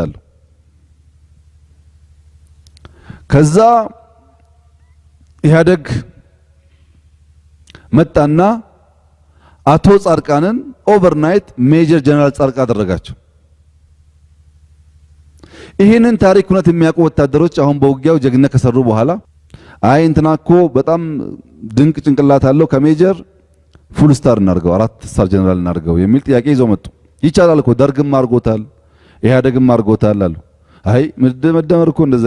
ይሰጣሉ። ከዛ ኢህአደግ መጣና አቶ ጻድቃንን ኦቨርናይት ሜጀር ጀነራል ጻድቃ አደረጋቸው። ይህንን ታሪክ እውነት የሚያውቁ ወታደሮች አሁን በውጊያው ጀግነት ከሰሩ በኋላ አይ እንትና እኮ በጣም ድንቅ ጭንቅላት አለው ከሜጀር ፉል ስታር እናድርገው፣ አራት ስታር ጀነራል እናድርገው የሚል ጥያቄ ይዘው መጡ። ይቻላል እኮ ደርግም አድርጎታል። ኢህአዴግም አድርጎታል አሉ። አይ መደመር እኮ እንደዛ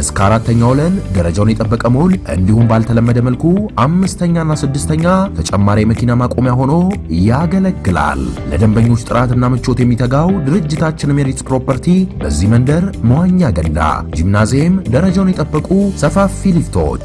እስከ አራተኛ ወለል ደረጃውን የጠበቀ ሞል እንዲሁም ባልተለመደ መልኩ አምስተኛና ስድስተኛ ተጨማሪ የመኪና ማቆሚያ ሆኖ ያገለግላል። ለደንበኞች ጥራትና ምቾት የሚተጋው ድርጅታችን ሜሪትስ ፕሮፐርቲ በዚህ መንደር መዋኛ ገንዳ፣ ጂምናዚየም፣ ደረጃውን የጠበቁ ሰፋፊ ሊፍቶች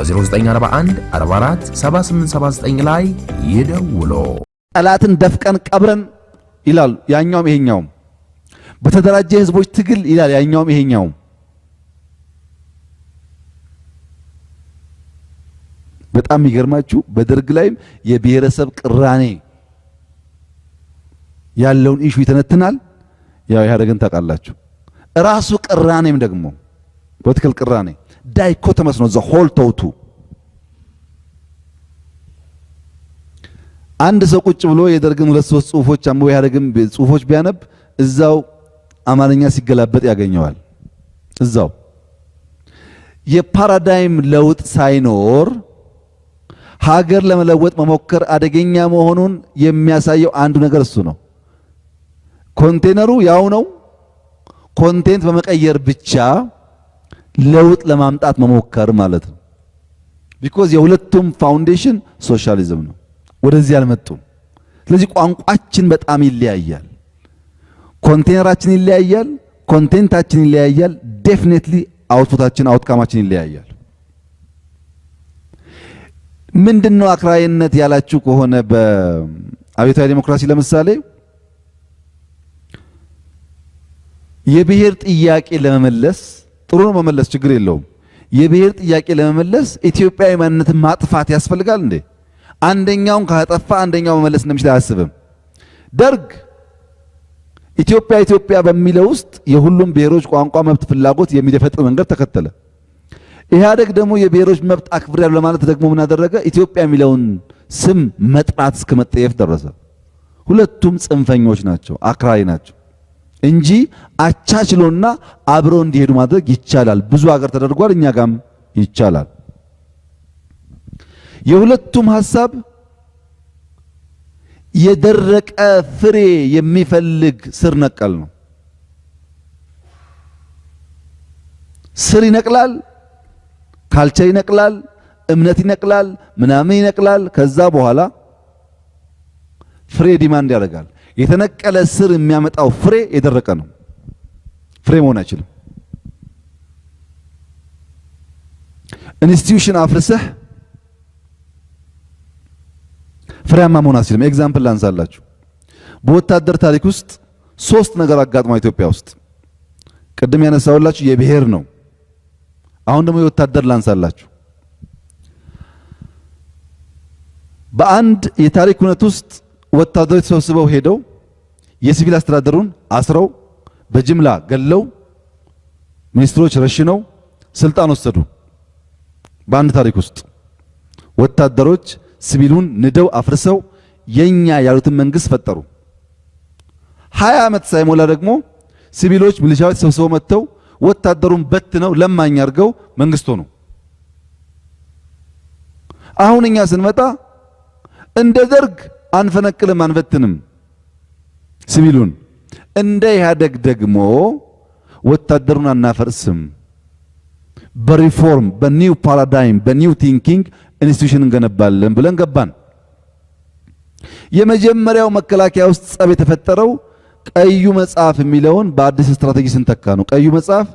በ0941 44 7879 ላይ ይደውሎ ጠላትን ደፍቀን ቀብረን ይላሉ ያኛውም ይሄኛውም። በተደራጀ ህዝቦች ትግል ይላል ያኛውም ይሄኛውም። በጣም የሚገርማችሁ በደርግ ላይም የብሔረሰብ ቅራኔ ያለውን ኢሹ ይተነትናል። ያው ኢህአዴግን ታውቃላችሁ። ራሱ ቅራኔም ደግሞ ፖለቲካል ቅራኔ dichotomous ነው። the whole ተውቱ አንድ ሰው ቁጭ ብሎ የደርግን ሁለት ሶስት ጽሁፎች አንብቦ ኢህአዴግን ጽሁፎች ቢያነብ እዛው አማርኛ ሲገላበጥ ያገኘዋል። እዛው የፓራዳይም ለውጥ ሳይኖር ሀገር ለመለወጥ መሞከር አደገኛ መሆኑን የሚያሳየው አንዱ ነገር እሱ ነው። ኮንቴነሩ ያው ነው። ኮንቴንት በመቀየር ብቻ ለውጥ ለማምጣት መሞከር ማለት ነው። ቢኮዝ የሁለቱም ፋውንዴሽን ሶሻሊዝም ነው። ወደዚህ አልመጡም። ስለዚህ ቋንቋችን በጣም ይለያያል። ኮንቴነራችን ይለያያል። ኮንቴንታችን ይለያያል። ዴፊኔትሊ አውትፑታችን አውትካማችን ይለያያል። ምንድነው አክራሪነት ያላችሁ ከሆነ በአብዮታዊ ዲሞክራሲ ለምሳሌ የብሔር ጥያቄ ለመመለስ ጥሩ ነው መመለስ፣ ችግር የለውም። የብሔር ጥያቄ ለመመለስ ኢትዮጵያዊ ማንነትን ማጥፋት ያስፈልጋል እንዴ? አንደኛውን ካጠፋ አንደኛው መመለስ እንደሚችል አያስብም። ደርግ ኢትዮጵያ ኢትዮጵያ በሚለው ውስጥ የሁሉም ብሔሮች ቋንቋ፣ መብት፣ ፍላጎት የሚደፈጥር መንገድ ተከተለ። ኢህአደግ ደግሞ የብሔሮች መብት አክብሬያለሁ ለማለት ደግሞ ምን አደረገ? ኢትዮጵያ የሚለውን ስም መጥራት እስከ መጠየፍ ደረሰ። ሁለቱም ጽንፈኞች ናቸው፣ አክራሪ ናቸው። እንጂ አቻችሎና አብሮ እንዲሄዱ ማድረግ ይቻላል። ብዙ ሀገር ተደርጓል፣ እኛ ጋም ይቻላል። የሁለቱም ሀሳብ የደረቀ ፍሬ የሚፈልግ ስር ነቀል ነው። ስር ይነቅላል፣ ካልቸር ይነቅላል፣ እምነት ይነቅላል፣ ምናምን ይነቅላል። ከዛ በኋላ ፍሬ ዲማንድ ያደርጋል። የተነቀለ ስር የሚያመጣው ፍሬ የደረቀ ነው። ፍሬ መሆን አይችልም። ኢንስቲትዩሽን አፍርሰህ ፍሬያማ መሆን አትችልም። ኤግዛምፕል ላንሳላችሁ። በወታደር ታሪክ ውስጥ ሶስት ነገር አጋጥሟ ኢትዮጵያ ውስጥ ቅድም ያነሳውላችሁ የብሔር ነው። አሁን ደግሞ የወታደር ላንሳላችሁ። በአንድ የታሪክ እውነት ውስጥ ወታደሮች ተሰብስበው ሄደው የሲቪል አስተዳደሩን አስረው በጅምላ ገለው ሚኒስትሮች ረሽነው ስልጣን ወሰዱ። በአንድ ታሪክ ውስጥ ወታደሮች ሲቪሉን ንደው አፍርሰው የኛ ያሉትን መንግስት ፈጠሩ። ሀያ ዓመት ሳይሞላ ደግሞ ሲቪሎች ሚሊሻዎች ሰብስበው መጥተው ወታደሩን በትነው ለማኝ አድርገው መንግስት ሆኑ። አሁን እኛ ስንመጣ እንደ ደርግ አንፈነቅልም፣ አንበትንም ሲቪሉን። እንደ ኢህአደግ ደግሞ ወታደሩን አናፈርስም። በሪፎርም በኒው ፓራዳይም በኒው ቲንኪንግ ኢንስቲቱሽን እንገነባለን ብለን ገባን። የመጀመሪያው መከላከያ ውስጥ ጸብ የተፈጠረው ቀዩ መጽሐፍ የሚለውን በአዲስ ስትራቴጂ ስንተካ ነው። ቀዩ መጽሐፍ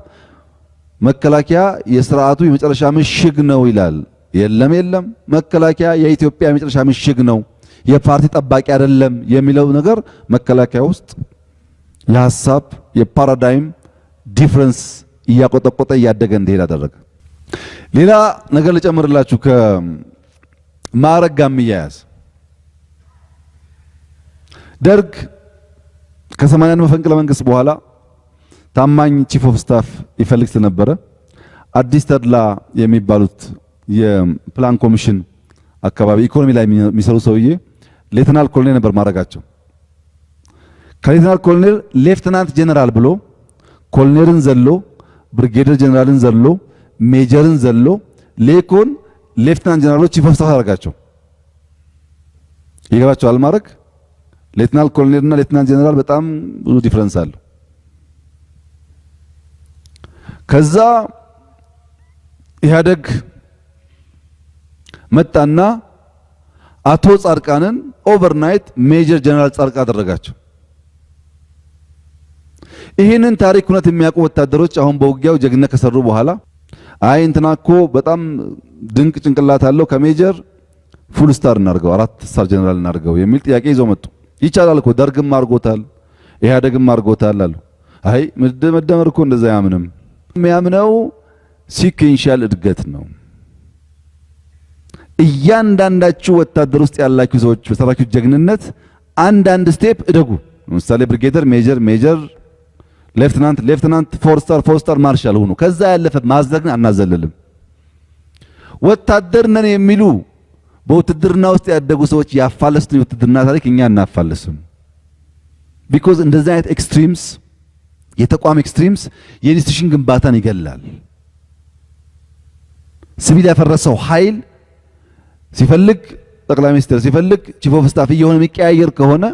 መከላከያ የስርዓቱ የመጨረሻ ምሽግ ነው ይላል። የለም የለም፣ መከላከያ የኢትዮጵያ የመጨረሻ ምሽግ ነው። የፓርቲ ጠባቂ አይደለም የሚለው ነገር መከላከያ ውስጥ የሀሳብ የፓራዳይም ዲፍረንስ እያቆጠቆጠ እያደገ እንዲሄድ አደረገ። ሌላ ነገር ልጨምርላችሁ ከማዕረግ ጋር የሚያያዝ ደርግ ከሰማንያን መፈንቅለ መንግስት በኋላ ታማኝ ቺፍ ኦፍ ስታፍ ይፈልግ ስለነበረ አዲስ ተድላ የሚባሉት የፕላን ኮሚሽን አካባቢ ኢኮኖሚ ላይ የሚሰሩ ሰውዬ ሌትናል ኮሎኔል ነበር ማድረጋቸው። ከሌትናል ኮሎኔል ሌፍትናንት ጀነራል ብሎ ኮሎኔልን ዘሎ ብርጌደር ጀነራልን ዘሎ ሜጀርን ዘሎ ሌኮን ሌፍትናንት ጀነራሎች ይፈፍሳት አደረጋቸው። ይገባቸዋል ማድረግ ሌትናል እና ሌትናንት ጀነራል በጣም ብዙ ዲፈረንስ አለው። ከዛ ኢህአደግ መጣና አቶ ጻድቃንን ኦቨርናይት ሜጀር ጀነራል ጻድቃ አደረጋቸው። ይህንን ታሪክ እውነት የሚያውቁ ወታደሮች አሁን በውጊያው ጀግነት ከሰሩ በኋላ አይ እንትና እኮ በጣም ድንቅ ጭንቅላት አለው ከሜጀር ፉል ስታር እናርገው አራት ስታር ጀነራል እናርገው የሚል ጥያቄ ይዘው መጡ። ይቻላል እኮ ደርግም አርጎታል ኢህአደግም አርጎታል አሉ። አይ መደመር እኮ እንደዛ ያምንም የሚያምነው ሲኩዌንሻል እድገት ነው። እያንዳንዳችሁ ወታደር ውስጥ ያላችሁ ሰዎች በሰራችሁ ጀግንነት አንዳንድ ስቴፕ እደጉ። ለምሳሌ ብሪጌደር፣ ሜጀር፣ ሜጀር፣ ሌፍትናንት፣ ሌፍትናንት፣ ፎርስታር፣ ፎርስታር፣ ማርሻል ሁኑ። ከዛ ያለፈ ማዘግን አናዘልልም። ወታደር ነን የሚሉ በውትድርና ውስጥ ያደጉ ሰዎች ያፋለሱትን የውትድርና ታሪክ እኛ እናፋለስም። ቢኮዝ እንደዚህ አይነት ኤክስትሪምስ የተቋም ኤክስትሪምስ የኢንስቲቱሽን ግንባታን ይገላል። ሲቪል ያፈረሰው ኃይል ሲፈልግ ጠቅላይ ሚኒስትር ሲፈልግ ቺፍ ኦፍ ስታፍ እየሆነ የሚቀያየር ከሆነ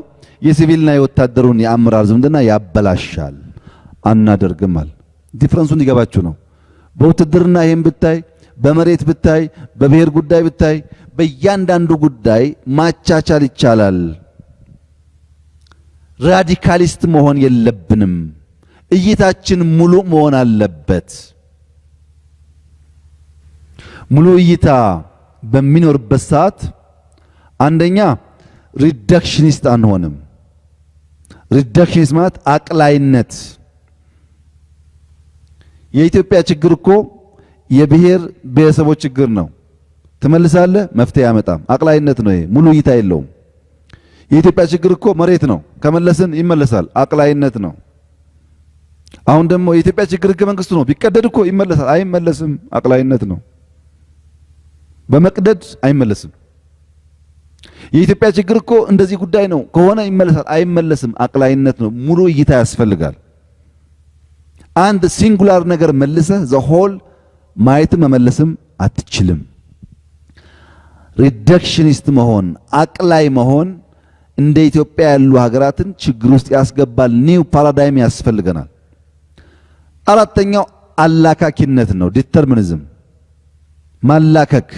የሲቪልና የወታደሩን የአመራር ዝምድና ያበላሻል። አናደርግማል ዲፍረንሱ እንዲገባችሁ ነው። በውትድርና ይህም ብታይ፣ በመሬት ብታይ፣ በብሔር ጉዳይ ብታይ፣ በእያንዳንዱ ጉዳይ ማቻቻል ይቻላል። ራዲካሊስት መሆን የለብንም። እይታችን ሙሉ መሆን አለበት። ሙሉ እይታ በሚኖርበት ሰዓት አንደኛ ሪደክሽኒስት አንሆንም። ሪደክሽኒስት ማለት አቅላይነት። የኢትዮጵያ ችግር እኮ የብሔር ብሔረሰቦች ችግር ነው። ትመልሳለህ፣ መፍትሄ ያመጣም አቅላይነት ነው። ይሄ ሙሉ እይታ የለውም። የኢትዮጵያ ችግር እኮ መሬት ነው። ከመለስን ይመለሳል። አቅላይነት ነው። አሁን ደግሞ የኢትዮጵያ ችግር ህገ መንግስቱ ነው። ቢቀደድ እኮ ይመለሳል። አይመለስም። አቅላይነት ነው። በመቅደድ አይመለስም። የኢትዮጵያ ችግር እኮ እንደዚህ ጉዳይ ነው ከሆነ ይመለሳል፣ አይመለስም። አቅላይነት ነው። ሙሉ እይታ ያስፈልጋል። አንድ ሲንጉላር ነገር መልሰህ ዘሆል ማየትም መመለስም አትችልም። ሪደክሽኒስት መሆን አቅላይ መሆን እንደ ኢትዮጵያ ያሉ ሀገራትን ችግር ውስጥ ያስገባል። ኒው ፓራዳይም ያስፈልገናል። አራተኛው አላካኪነት ነው፣ ዲተርሚኒዝም ማላከክ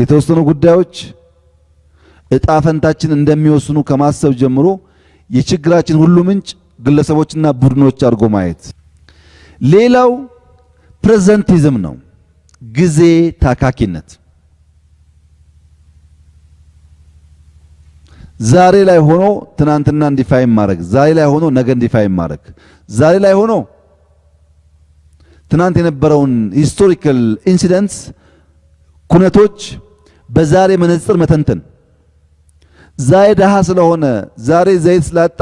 የተወሰኑ ጉዳዮች እጣ ፈንታችን እንደሚወስኑ ከማሰብ ጀምሮ የችግራችን ሁሉ ምንጭ ግለሰቦችና ቡድኖች አድርጎ ማየት። ሌላው ፕሬዘንቲዝም ነው፣ ጊዜ ታካኪነት። ዛሬ ላይ ሆኖ ትናንትና እንዲፋይም ማድረግ፣ ዛሬ ላይ ሆኖ ነገ እንዲፋይ ማድረግ፣ ዛሬ ላይ ሆኖ ትናንት የነበረውን ሂስቶሪካል ኢንሲደንትስ ኩነቶች በዛሬ መነጽር መተንተን ዛሬ ደሃ ስለሆነ ዛሬ ዘይት ስላጣ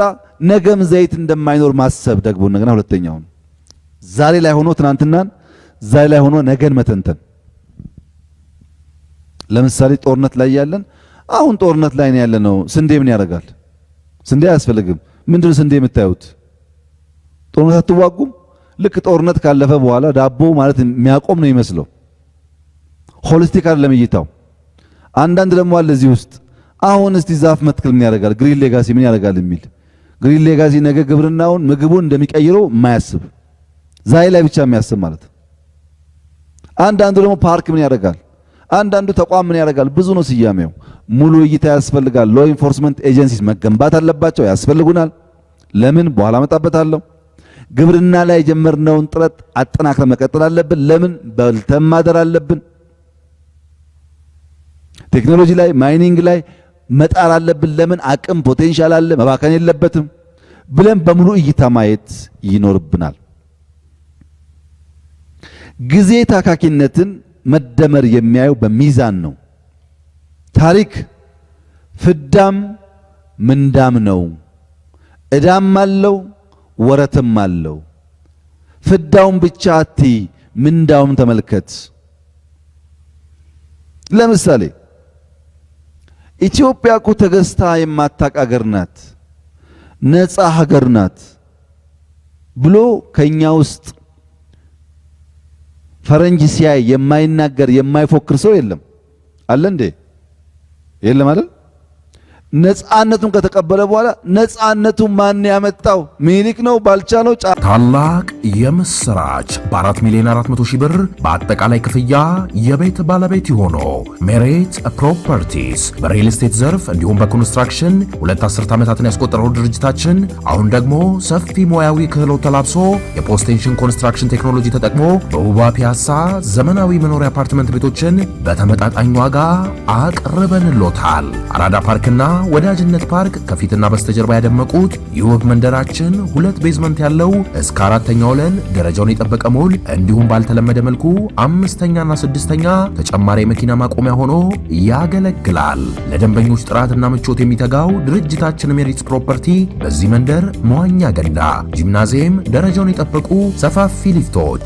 ነገም ዘይት እንደማይኖር ማሰብ ደግሞ ነገና ሁለተኛው ዛሬ ላይ ሆኖ ትናንትናን ዛሬ ላይ ሆኖ ነገን መተንተን። ለምሳሌ ጦርነት ላይ ያለን አሁን ጦርነት ላይ ያለ ነው። ስንዴ ምን ያደርጋል? ስንዴ አያስፈልግም። ምንድነው ስንዴ የምታዩት? ጦርነት አትዋጉም። ልክ ጦርነት ካለፈ በኋላ ዳቦ ማለት የሚያቆም ነው ይመስለው ሆሊስቲክ አይደለም እይታው። አንዳንድ ደግሞ አለ እዚህ ውስጥ አሁን እስቲ ዛፍ መትከል ምን ያደርጋል፣ ግሪን ሌጋሲ ምን ያደርጋል የሚል ግሪን ሌጋሲ ነገ ግብርናውን ምግቡን እንደሚቀይረው የማያስብ ዛሬ ላይ ብቻ የሚያስብ ማለት። አንዳንዱ ደግሞ ፓርክ ምን ያደርጋል፣ አንዳንዱ ተቋም ምን ያደርጋል። ብዙ ነው ስያሜው። ሙሉ እይታ ያስፈልጋል። ሎ ኢንፎርስመንት ኤጀንሲስ መገንባት አለባቸው፣ ያስፈልጉናል። ለምን በኋላ መጣበታለሁ። ግብርና ላይ የጀመርነውን ጥረት አጠናክረ መቀጠል አለብን። ለምን በልተን ማደር አለብን። ቴክኖሎጂ ላይ ማይኒንግ ላይ መጣር አለብን። ለምን አቅም ፖቴንሻል አለ፣ መባከን የለበትም ብለን በሙሉ እይታ ማየት ይኖርብናል። ጊዜ ታካኪነትን መደመር የሚያየው በሚዛን ነው። ታሪክ ፍዳም ምንዳም ነው። እዳም አለው ወረትም አለው። ፍዳውን ብቻ አቲ ምንዳውም ተመልከት። ለምሳሌ ኢትዮጵያ እኮ ተገዝታ የማታቅ ሀገር ናት፣ ነጻ ሀገር ናት ብሎ ከኛ ውስጥ ፈረንጅ ሲያይ የማይናገር የማይፎክር ሰው የለም። አለ እንዴ? የለም አይደል? ነፃነቱን ከተቀበለ በኋላ ነፃነቱ ማን ያመጣው? ሚኒሊክ ነው? ባልቻ ነው? ጫ ታላቅ የምስራች! በ4 ሚሊዮን 400 ሺህ ብር በአጠቃላይ ክፍያ የቤት ባለቤት የሆኖ ሜሬት ፕሮፐርቲስ በሪል ስቴት ዘርፍ እንዲሁም በኮንስትራክሽን ሁለት አስርት ዓመታትን ያስቆጠረው ድርጅታችን አሁን ደግሞ ሰፊ ሙያዊ ክህሎት ተላብሶ የፖስቴንሽን ኮንስትራክሽን ቴክኖሎጂ ተጠቅሞ በውባ ፒያሳ ዘመናዊ መኖሪያ አፓርትመንት ቤቶችን በተመጣጣኝ ዋጋ አቅርበንሎታል። አራዳ ፓርክና ወዳጅነት ፓርክ ከፊትና በስተጀርባ ያደመቁት የውብ መንደራችን ሁለት ቤዝመንት ያለው እስከ አራተኛ ወለል ደረጃውን የጠበቀ ሞል እንዲሁም ባልተለመደ መልኩ አምስተኛና ስድስተኛ ተጨማሪ የመኪና ማቆሚያ ሆኖ ያገለግላል። ለደንበኞች ጥራትና ምቾት የሚተጋው ድርጅታችን ሜሪትስ ፕሮፐርቲ በዚህ መንደር መዋኛ ገንዳ፣ ጂምናዚየም፣ ደረጃውን የጠበቁ ሰፋፊ ሊፍቶች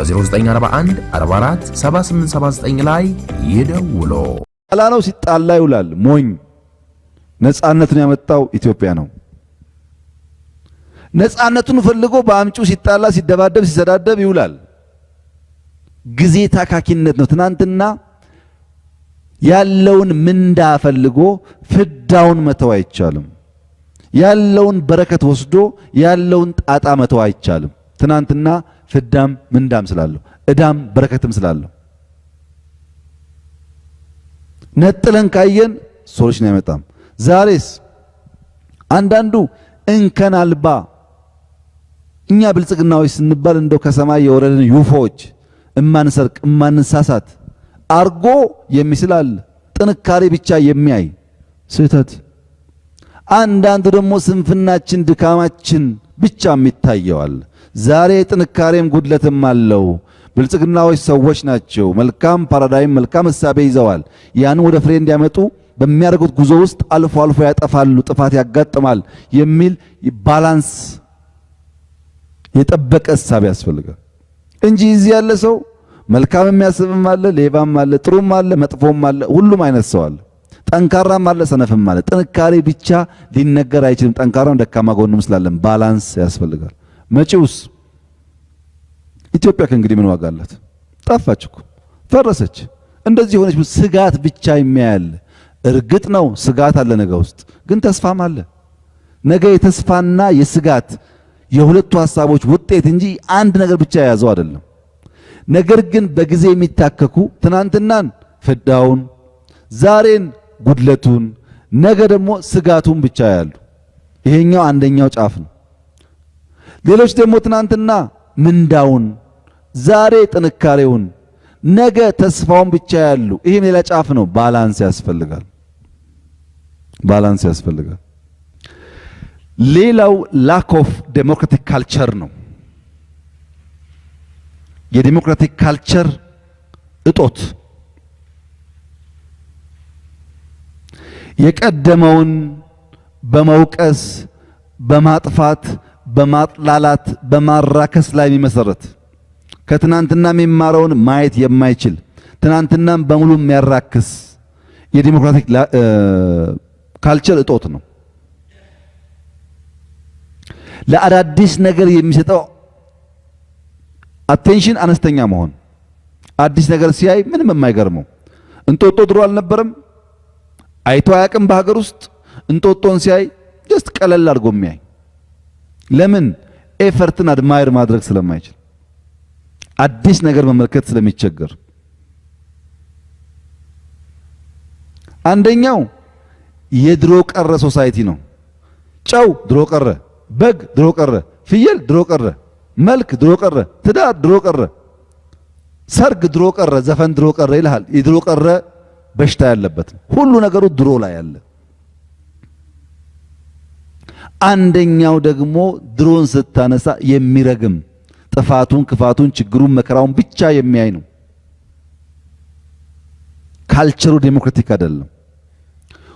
በ0941 44 7879 ላይ ይደውሎ። ጣላ ነው ሲጣላ ይውላል ሞኝ። ነጻነቱን ያመጣው ኢትዮጵያ ነው። ነጻነቱን ፈልጎ በአምጩ ሲጣላ፣ ሲደባደብ፣ ሲሰዳደብ ይውላል። ጊዜ ታካኪነት ነው። ትናንትና ያለውን ምንዳ ፈልጎ ፍዳውን መተው አይቻልም። ያለውን በረከት ወስዶ ያለውን ጣጣ መተው አይቻልም። ትናንትና ፍዳም ምንዳም ስላለው፣ እዳም በረከትም ስላለው ነጥለን ካየን ሶሉሽን አይመጣም። ዛሬስ አንዳንዱ እንከን አልባ እኛ ብልጽግናዎች ስንባል እንደው ከሰማይ የወረድን ዩፎዎች እማንሰርቅ እማንሳሳት አርጎ የሚስላል ጥንካሬ ብቻ የሚያይ ስህተት። አንዳንዱ ደግሞ ስንፍናችን ድካማችን ብቻ የሚታየዋል። ዛሬ ጥንካሬም ጉድለትም አለው። ብልጽግናዎች ሰዎች ናቸው። መልካም ፓራዳይም፣ መልካም እሳቤ ይዘዋል። ያን ወደ ፍሬ እንዲያመጡ በሚያደርጉት ጉዞ ውስጥ አልፎ አልፎ ያጠፋሉ፣ ጥፋት ያጋጥማል የሚል ባላንስ የጠበቀ እሳቤ ያስፈልጋል እንጂ እዚህ ያለ ሰው መልካም የሚያስብም አለ፣ ሌባም አለ፣ ጥሩም አለ፣ መጥፎም አለ፣ ሁሉም አይነት ሰው አለ። ጠንካራም አለ፣ ሰነፍም አለ። ጥንካሬ ብቻ ሊነገር አይችልም። ጠንካራም ደካማ ጎንም ስላለን ባላንስ ያስፈልጋል። መጪውስ ኢትዮጵያ ከእንግዲህ ምን ዋጋ አላት? ጠፋች እኮ ፈረሰች። እንደዚህ የሆነች ስጋት ብቻ የሚያያል። እርግጥ ነው ስጋት አለ፣ ነገ ውስጥ ግን ተስፋም አለ። ነገ የተስፋና የስጋት የሁለቱ ሀሳቦች ውጤት እንጂ አንድ ነገር ብቻ የያዘው አይደለም። ነገር ግን በጊዜ የሚታከኩ ትናንትናን ፍዳውን፣ ዛሬን ጉድለቱን፣ ነገ ደግሞ ስጋቱን ብቻ ያሉ ይሄኛው አንደኛው ጫፍ ነው። ሌሎች ደግሞ ትናንትና ምንዳውን፣ ዛሬ ጥንካሬውን፣ ነገ ተስፋውን ብቻ ያሉ ይህም ሌላ ጫፍ ነው። ባላንስ ያስፈልጋል። ባላንስ ያስፈልጋል። ሌላው ላክ ኦፍ ዴሞክራቲክ ካልቸር ነው። የዴሞክራቲክ ካልቸር እጦት የቀደመውን በመውቀስ በማጥፋት በማጥላላት በማራከስ ላይ የሚመሰረት ከትናንትና የሚማረውን ማየት የማይችል ትናንትናም በሙሉ የሚያራክስ የዲሞክራቲክ ካልቸር እጦት ነው። ለአዳዲስ ነገር የሚሰጠው አቴንሽን አነስተኛ መሆን፣ አዲስ ነገር ሲያይ ምንም የማይገርመው። እንጦጦ ድሮ አልነበረም፣ አይቶ አያውቅም። በሀገር ውስጥ እንጦጦን ሲያይ ጀስት ቀለል አድርጎ የሚያይ ለምን ኤፈርትን አድማየር ማድረግ ስለማይችል አዲስ ነገር መመልከት ስለሚቸገር አንደኛው የድሮ ቀረ ሶሳይቲ ነው። ጨው ድሮ ቀረ፣ በግ ድሮ ቀረ፣ ፍየል ድሮ ቀረ፣ መልክ ድሮ ቀረ፣ ትዳር ድሮ ቀረ፣ ሰርግ ድሮ ቀረ፣ ዘፈን ድሮ ቀረ ይልሃል። የድሮ ቀረ በሽታ ያለበት ሁሉ ነገሩ ድሮ ላይ ያለ አንደኛው ደግሞ ድሮን ስታነሳ የሚረግም ጥፋቱን፣ ክፋቱን፣ ችግሩን፣ መከራውን ብቻ የሚያይ ነው። ካልቸሩ ዴሞክራቲክ አይደለም።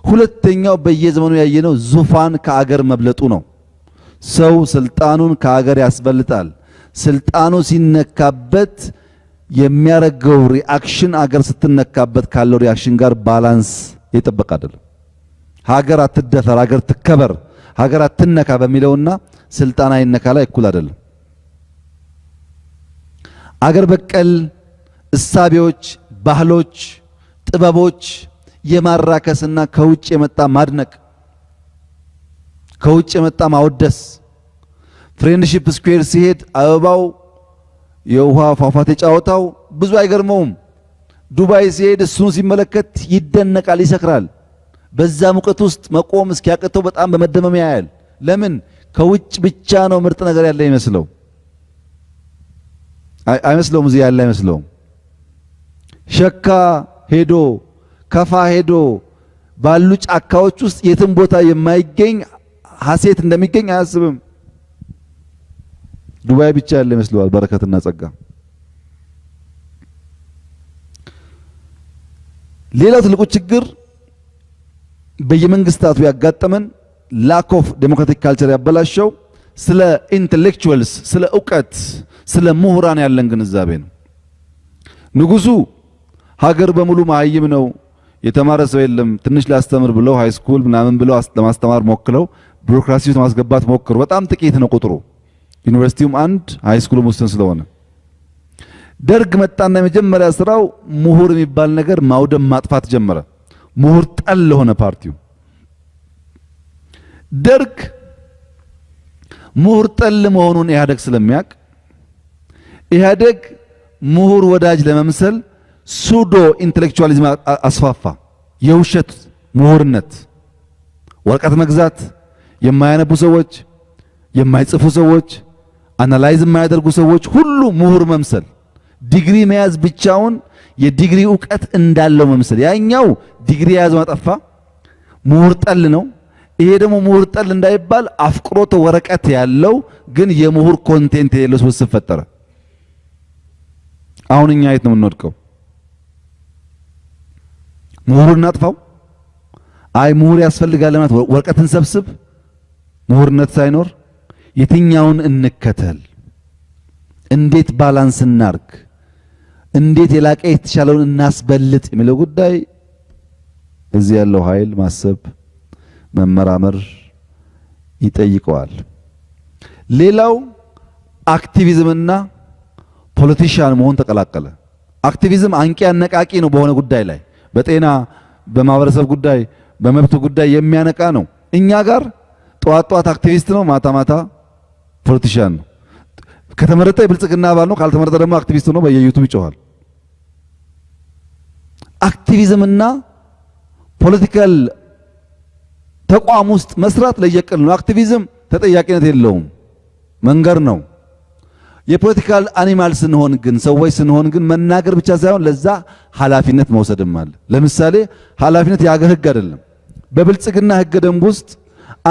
ሁለተኛው በየዘመኑ ያየነው ዙፋን ከአገር መብለጡ ነው። ሰው ስልጣኑን ከአገር ያስበልጣል። ስልጣኑ ሲነካበት የሚያረገው ሪአክሽን አገር ስትነካበት ካለው ሪአክሽን ጋር ባላንስ የጠበቀ አይደለም። ሀገር አትደፈር፣ ሀገር ትከበር ሀገር አትነካ በሚለውና ስልጣን አይነካ ላይ እኩል አይደለም። አገር በቀል እሳቤዎች፣ ባህሎች፣ ጥበቦች የማራከስና ከውጭ የመጣ ማድነቅ፣ ከውጭ የመጣ ማወደስ። ፍሬንድሺፕ ስኩዌር ሲሄድ አበባው የውሃ ፏፏቴ ጫወታው ብዙ አይገርመውም። ዱባይ ሲሄድ እሱን ሲመለከት ይደነቃል፣ ይሰክራል። በዛ ሙቀት ውስጥ መቆም እስኪያቅተው በጣም በመደመም ያያል። ለምን ከውጭ ብቻ ነው ምርጥ ነገር ያለ ይመስለው አይመስለውም፣ እዚህ ያለ አይመስለውም። ሸካ ሄዶ ከፋ ሄዶ ባሉ ጫካዎች ውስጥ የትም ቦታ የማይገኝ ሀሴት እንደሚገኝ አያስብም። ዱባይ ብቻ ያለ ይመስለዋል በረከትና ጸጋ። ሌላው ትልቁ ችግር በየመንግስታቱ ያጋጠመን ላክ ኦፍ ዴሞክራቲክ ካልቸር ያበላሸው ስለ ኢንቴሌክቹዋልስ፣ ስለ እውቀት፣ ስለ ምሁራን ያለን ግንዛቤ ነው። ንጉሱ ሀገር በሙሉ መሀይም ነው፣ የተማረ ሰው የለም። ትንሽ ላስተምር ብለው ሃይስኩል ምናምን ብለው ለማስተማር ሞክለው ቢሮክራሲ ውስጥ ማስገባት ሞክሩ። በጣም ጥቂት ነው ቁጥሩ። ዩኒቨርሲቲውም አንድ ስኩልም ውስን ስለሆነ ደርግ መጣና የመጀመሪያ ስራው ምሁር የሚባል ነገር ማውደም ማጥፋት ጀመረ። ምሁር ጠል ለሆነ ፓርቲው ደርግ ምሁር ጠል መሆኑን ኢህአደግ ስለሚያውቅ ኢህአደግ ምሁር ወዳጅ ለመምሰል ሱዶ ኢንቴሌክቹዋሊዝም አስፋፋ። የውሸት ምሁርነት፣ ወረቀት መግዛት፣ የማያነቡ ሰዎች፣ የማይጽፉ ሰዎች፣ አናላይዝ የማያደርጉ ሰዎች ሁሉ ምሁር መምሰል፣ ዲግሪ መያዝ ብቻውን የዲግሪ እውቀት እንዳለው መምሰል። ያኛው ዲግሪ የያዘው አጠፋ ምሁር ጠል ነው። ይሄ ደግሞ ምሁር ጠል እንዳይባል አፍቅሮተ ወረቀት ያለው ግን የምሁር ኮንቴንት የሌለው ስብስብ ፈጠረ። አሁን እኛ የት ነው የምንወድቀው? ምሁሩን እናጥፋው? አይ ምሁር ያስፈልጋል ለማለት ወረቀትን ሰብስብ ምሁርነት ሳይኖር የትኛውን እንከተል? እንዴት ባላንስ እናርግ? እንዴት የላቀ የተሻለውን እናስበልጥ የሚለው ጉዳይ እዚህ ያለው ኃይል ማሰብ መመራመር ይጠይቀዋል። ሌላው አክቲቪዝምና ፖለቲሽያን መሆን ተቀላቀለ። አክቲቪዝም አንቂ አነቃቂ ነው። በሆነ ጉዳይ ላይ በጤና በማህበረሰብ ጉዳይ በመብት ጉዳይ የሚያነቃ ነው። እኛ ጋር ጠዋት ጠዋት አክቲቪስት ነው፣ ማታ ማታ ፖለቲሽያን ነው። ከተመረጠ የብልጽግና አባል ነው፣ ካልተመረጠ ደግሞ አክቲቪስት ነው። በየዩቱብ ይጮኋል። አክቲቪዝምና ፖለቲካል ተቋም ውስጥ መስራት ለየቅል ነው። አክቲቪዝም ተጠያቂነት የለውም፣ መንገር ነው። የፖለቲካል አኒማል ስንሆን ግን ሰዎች ስንሆን ግን መናገር ብቻ ሳይሆን ለዛ ኃላፊነት መውሰድም አለ። ለምሳሌ ኃላፊነት የሀገር ህግ አይደለም። በብልጽግና ህገ ደንብ ውስጥ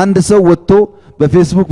አንድ ሰው ወጥቶ በፌስቡክ